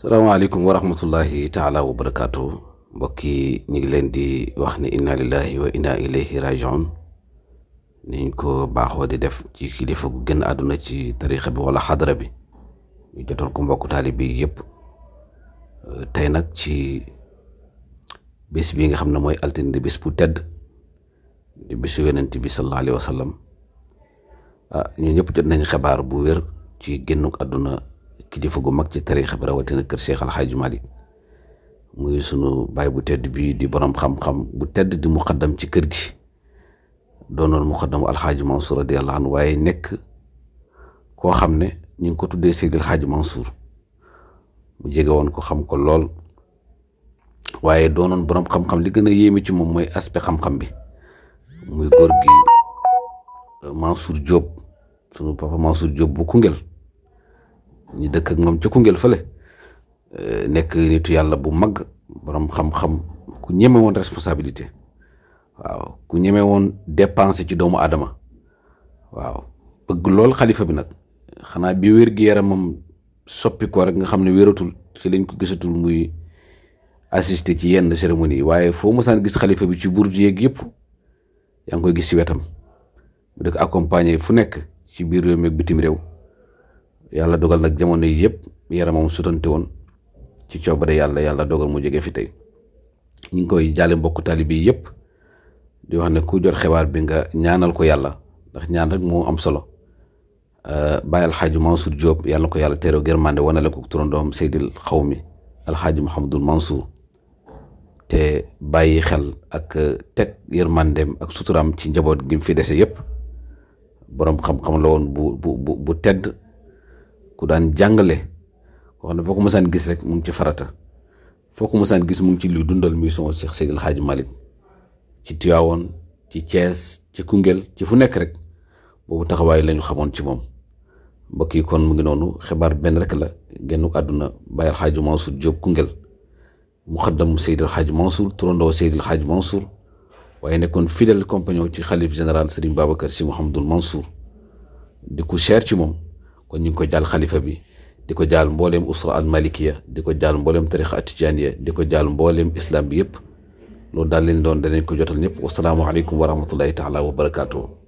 salaamaaleykum wa rahmatullahi taala wa barakaatu mbokk yi ñu ngi leen di wax ne inna lillahi wa inna ilayhi rajiun niñ ko baaxoo di def ci kilifa gu génn àdduna ci tarixa bi wala xadara bi ñu jotal ko mbokk taali bi yëpp tey nag ci bis bi nga xam ne mooy altine di bis bu tedd di bisu yonent bi sallallahu alayhi wa sallam ah ñu ñëpp jot nañ xabaar bu wér ci génnuk àdduna kilifa gu mag ci tariixa bi na kër Cheikh Al Hadj Malick muy sunu baay bu tedd bi di borom xam-xam bu tedd di muqaddam ci kër gi doonoon muqaddamu Al Hadj Mansour radiyallahu anhu waaye nekk koo xam ne ñu ngi ko tuddee Seydi Al Hadj mu jege woon ko xam ko lool waaye doonoon borom xam-xam li gën a yéeme ci moom mooy aspect xam-xam bi muy góor gi Mansour sunu papa Mansour Diop bu Koungheul. ñu dëkk ak moom ci Koungheul fële eh, nekk nitu yàlla bu mag borom xam-xam ku ñeme woon responsabilité waaw ku ñeme woon dépenser ci doomu aadama waaw bëgg lool xalifa bi nag xanaa bi wér-gu-yaramam soppi ko rek nga xam ne wératul ci lañ ko gisatul muy assister ci yenn cérémonie yi waaye foo mosaan gis xalifa bi ci burdu yeeg yëpp yaa ngi koy gis ci wetam mu dëkk accompagner fu nekk ci biir réew mi ak bitim réew yàlla dogal nag jamono yi yëpp yaramam sutante woon ci coobare yàlla yàlla dogal mu jóge fi tey ñu ngi koy jaale mbokku taalibe yépp di wax ne ku jot xibaar bi nga ñaanal ko yàlla ndax ñaan rek moo am solo euh, bàyyi alxaaji Mansour Diop yàlla ko yàlla teeroo germande wanale ko turandoom Seydil xaw mi alxaaji Mouhamadul Mansour te bàyyi xel ak euh, teg yërmandeem ak suturaam ci njaboot gim mu fi dese yëpp boroom xam-xam la woon bu bu tedd كودان جانغلي jàngale فوكو مسان غيس foo ko mosaan gis rek mu ngi ci farata foo ko mosaan gis mu ngi ci luy dundal mission Cheikh Seydil Hadji Malick ci Tiwaawoon ci Thiès ci Koungheul ci fu nekk rek boobu taxawaay lañu xamoon ci moom mbokk yi kon mu ngi noonu xibaar benn rek la genn àdduna Baye Alxaaji Mansour Diop Koungheul muxaddam Seydil Hadji nekkoon fidèle compagnon ci xalif général Serigne Babacar Sy Mouhamadul Mansour di ku cher ci moom kon ñu ngi ko jaal xalifa bi di ko jaal mbooleem usra al malikiya di ko jaal mbooleem tarixa atijaniya di ko jaal mbooleem islam bi yëpp loolu daal leen doon danañ ko jotal ñëpp wasalaamualeykum wa rahmatullahi taala wa barakaatu.